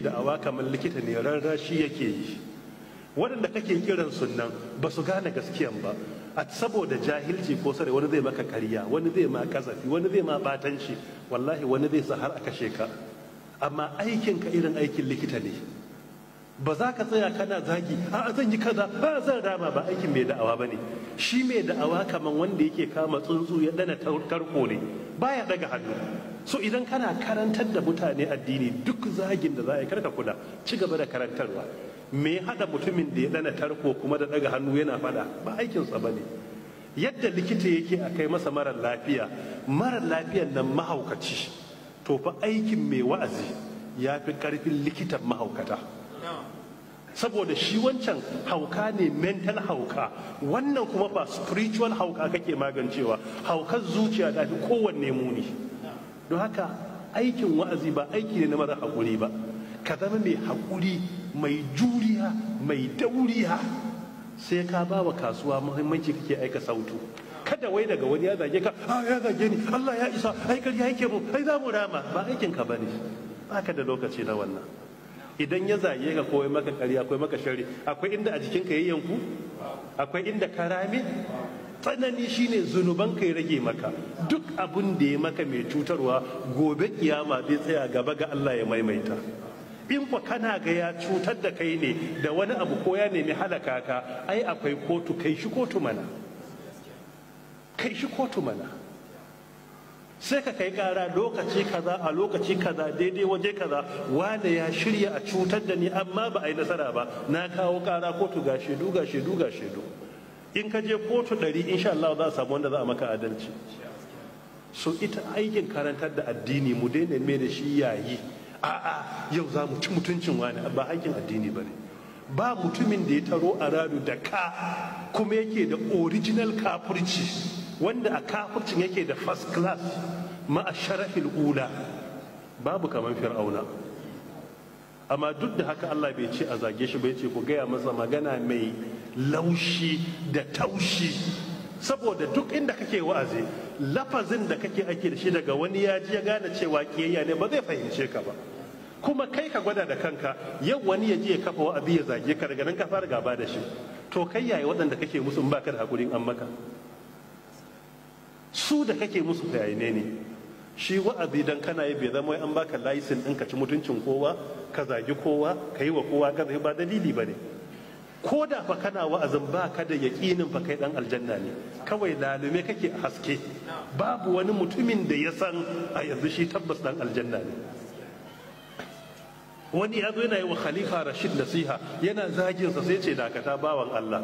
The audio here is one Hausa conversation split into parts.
da da'awa kamar likita ne rarra shi yake yi waɗanda kake kiran sunan ba su gane gaskiyan ba a saboda jahilci ko sare wani zai maka karya wani zai ma kazafi wani zai ma batanci wallahi wani zai sa har a kashe ka amma aikinka irin aikin likita ne ba za ka tsaya kana zagi a zan yi kaza a zan rama ba aikin mai da'awa ba ne shi mai da'awa kamar wanda yake kama tsuntsu ya dana tarko ne baya daga hannu so idan kana karantar da mutane addini duk zagin da za a yi karka kula ci gaba da karantarwa me ya haɗa mutumin da ya ɗana tarko kuma da ɗaga hannu yana fada ba aikinsa ba ne yadda likita yake a kai masa mara lafiya mara lafiyan nan mahaukaci to fa aikin mai wa'azi ya fi ƙarfin likitan mahaukata saboda shi wancan hauka ne mental hauka wannan kuma ba spiritual hauka kake magancewa haukar zuciya ta fi kowanne muni don haka aikin wa'azi ba aiki ne na mara haƙuri ba ka zama mai haƙuri mai juriya mai dauriya sai ka ba wa kasuwa muhimmanci kake aika sautu kada wai daga wani ya zage ka a ah, ya zage ni Allah ya isa ai kar yake mu ai za mu rama ba aikin ka bane baka da lokaci na wannan idan ya zage ka ko maka ƙarya akwai maka shari akwai inda a jikinka yayyanku akwai inda ka rami. tsanani shine zunuban kai rage maka duk abun da ya maka mai cutarwa gobe kiyama zai tsaya gaba ga Allah ya maimaita in fa kana ga ya cutar da kai ne da wani abu ko ya nemi halaka ka ai akwai kotu kai shi kotu mana kai shi kotu mana sai ka kai kara lokaci kaza a lokaci kaza daidai waje kaza wane ya shirya a cutar da ni amma ba a yi nasara ba na kawo kara kotu ga shaidu ga shaidu ga shaidu in ka je kotu ɗari insha Allah za a samu wanda za a maka adalci so ita aikin karantar da addini mu daina mai da shi yayi a'a yau za mu ci mutuncin wani ba aikin addini ba ne ba mutumin da ya taro a radu da ka kuma yake da original kafurci wanda a kafurcin yake da first class ma'a sharafin ula babu kamar fir'auna amma duk da haka Allah bai ce a zage shi bai ce ku gaya masa magana mai laushi da taushi saboda duk inda kake wa'azi lafazin da kake ake da shi daga wani ya ji ya gane cewa kiyayya ne ba zai fahimce ka ba kuma kai ka gwada da kanka yau wani ya ji ya kafa wa'azi ya zage ka daga nan ka fara gaba da shi to kai yaya waɗanda kake musu in baka da hakurin an maka su da kake musu kayane ne shi wa'azi dan kana yi bai zama an baka laisin ɗin ka ci mutuncin kowa ka zagi kowa ka yi wa kowa ka ba dalili ba ne ko da fa kana wa'azin ba ka da yaƙinin fa kai ɗan aljanna ne kawai lalume kake a haske babu wani mutumin da ya san a yanzu shi tabbas ɗan aljanna ne wani ya zo yana yi wa khalifa rashid nasiha yana zaginsa sai ce dakata bawan allah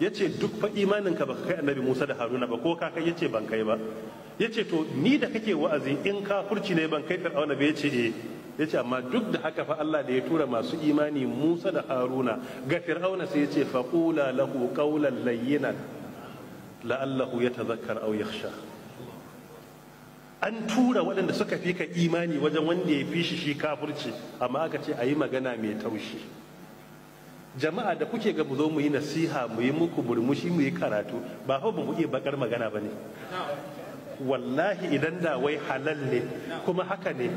ya ce duk fa imaninka baka kai annabi musa da haruna ba ko kakai ya ce ban kai ba ya ce to ni da kake wa'azi in ka kurci ne ban kai fir'auna ba ya ce eh ya ce amma duk da haka fa Allah da ya tura masu imani Musa da Haruna ga Fir'auna sai ya ce qula lahu qawlan layyinan la'allahu yatadhakkar aw yakhsha an tura waɗanda suka fi ka imani wajen wanda ya fi shi shi kafirci amma aka ce a yi magana mai taushi jama'a da kuke ga mu zo mu yi nasiha mu yi muku murmushi mu yi karatu ba fa ba mu iya bakar magana ba ne wallahi idan da wai halal ne kuma haka ne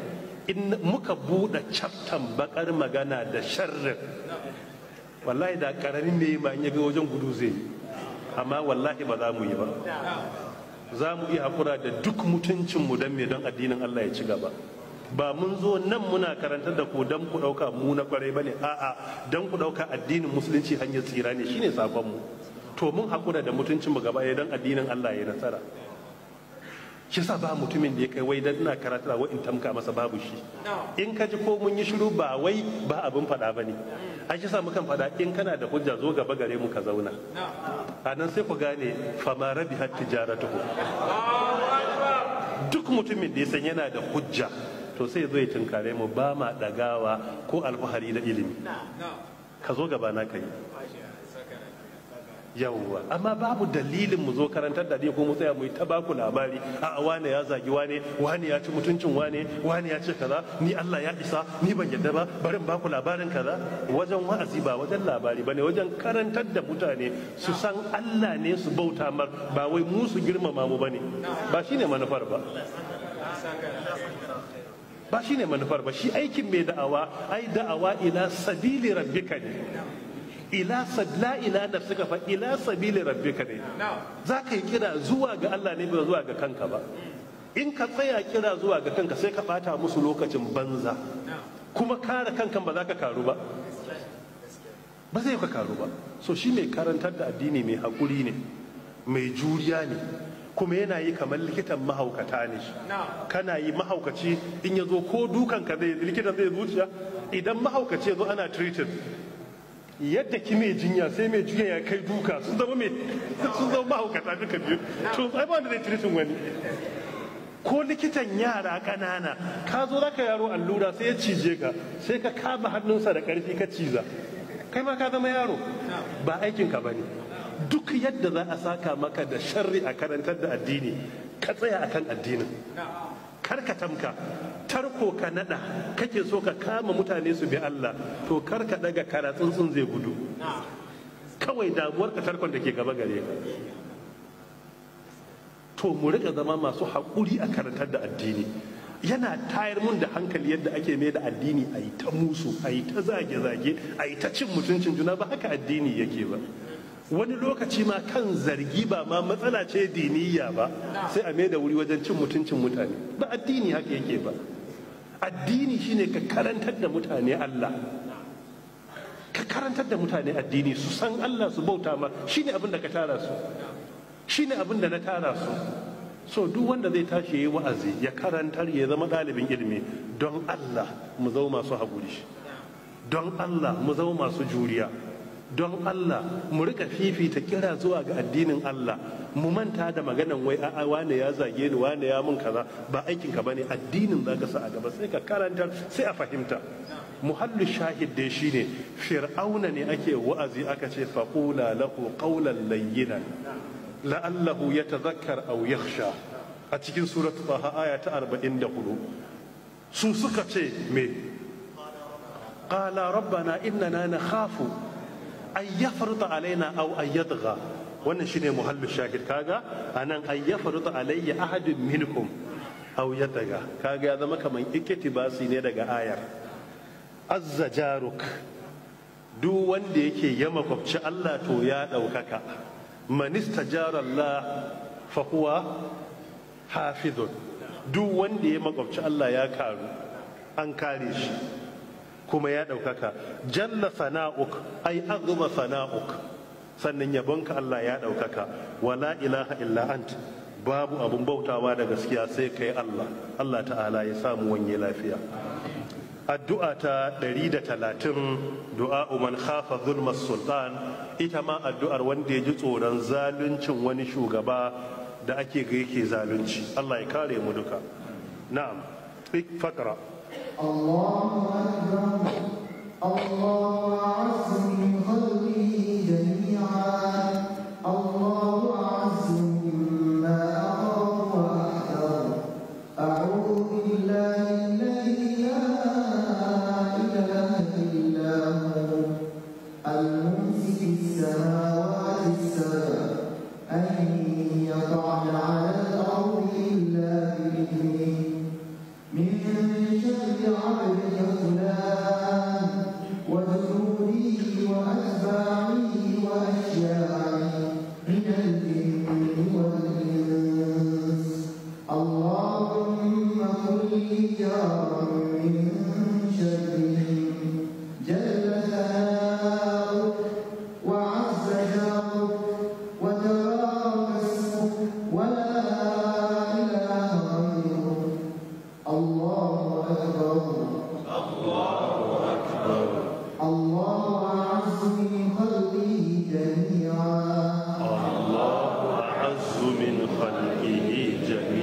in muka buɗe caftan bakar magana da sharrin wallahi da ƙaramin ne ma in ya ga wajen gudu zai amma wallahi ba za mu yi ba za mu iya hakura da duk mutuncinmu don me don addinin Allah ya ci gaba ba mun zo nan muna karantar da ku don ku ɗauka mu na kwarai ba ne a'a don ku ɗauka addinin musulunci hanyar tsira ne shine sakonmu to mun haƙura da mu gaba ya don addinin Allah ya nasara shi sa ba mutumin da ya kai wai dan ina karatu wa in tamka masa babu shi in ka ji ko mun yi shiru ba wai ba abin faɗa ba ne a shi sa mukan faɗa in kana da hujja zo gaba gare mu ka zauna a nan sai ku gane fama rabi har tijaratuhu duk mutumin da ya san yana da hujja to sai zo ya tunkare mu ba ma ɗagawa ko alfahari da ilimi ka zo gaba na kai yawwa amma babu dalilin mu zo karantar da ko mu tsaya mu yi ta baku labari a wane ya zagi wane wane ya ci mutuncin wane wane ya ce kaza ni Allah ya isa ni ban yadda ba bari in baku labarin kaza wajen wa'azi ba wajen labari bane wajen karantar da mutane su san Allah ne su bauta mar ba wai mu su girmama mu bane ba shine manufar ba ba shine manufar ba shi aikin mai da'awa ai da'awa ila sabili rabbika ne ila la ila da suka fa ila sabili rabbika ne za ka yi kira zuwa ga Allah ne ba zuwa ga kanka ba in ka tsaya kira zuwa ga kanka sai ka bata musu lokacin banza kuma kare kanka ba za ka karu ba ba zai ka karu ba so shi mai karantar da addini mai hakuri ne mai juriya ne kuma yana yi kamar likitan mahaukata ne kana yi mahaukaci in ya zo ko dukan zai likitan zai zuciya idan mahaukaci ya zo ana treated yadda ki mai jinya sai mai jinya ya kai duka sun zama mai sun zama mahaukata duka biyu to ai ba wanda zai tiritin wani ko likitan yara ƙanana ka zo za ka yaro allura sai ya cije ka sai ka kama hannunsa da ƙarfi ka ciza kai ma ka zama yaro ba aikin ka bane duk yadda za a saka maka da sharri a karantar da addini ka tsaya akan addinin kar ka tamka tar. ko ka nada kake so ka kama mutane su bi Allah to kar ka daga kara tsuntsun zai gudu kawai damuwar ka tarkon da ke gaba gare ka to mu rika zama masu haƙuri a karantar da addini yana tayar mun da hankali yadda ake mai da addini a yi ta musu a yi ta zage-zage a yi ta cin mutuncin juna ba haka addini yake ba wani lokaci ma kan zargi ba ma matsala ce diniya ba sai a mai da wuri wajen cin mutuncin mutane ba addini haka yake ba addini shine ka karantar da mutane Allah ka karantar da mutane addini su san Allah su bauta ma shine abin da ka tara su shine abin da na tara su so duk wanda zai tashi yayi wa'azi ya karantar ya zama ɗalibin ilimi don Allah mu zama masu haƙuri don Allah mu zama masu juriya don Allah mu rika fifita kira zuwa ga addinin Allah mu manta da maganan wai a'a wane ya zage ni wane ya mun kaza ba aikin ka bane addinin zaka sa a gaba sai ka karanta sai a fahimta muhallu shahid dai shine fir'auna ne ake wa'azi aka ce faqula lahu qawlan layyinan la'allahu yatadhakkar aw yakhsha a cikin suratul taha aya ta 44 su suka ce me qala rabbana innana nakhafu ayyafarta alai alaina au ayyadga wannan shine muhallin shahid kaga anan ay yafruta alayya ahadin minkum au yadgha kaga ya zama kaman basi ne daga ayar azzajaruk duk wanda yake ya makwabci Allah to ya daukaka manista istajara Allah fa huwa hafizun duk wanda ya makwabci Allah ya karu an kare shi kuma ya ɗaukaka jalla fana'uk ai azuma fana'uk sannan yabonka Allah ya ɗaukaka wala ilaha illa ant babu abun bautawa da gaskiya sai kai Allah Allah ta'ala ya samu wanye lafiya addu'a ta ɗari 130 du'a man khafa zulmas sultan ita ma addu'ar wanda ya ji tsoron zaluncin wani shugaba da ake ga yake zalunci Allah ya kare mu duka na'am faqra الله أكبر الله أعز من خلقه جميعا الله أعز مما أعوذ بالله الممسك السماوات السبع أن يقع العالم Pani i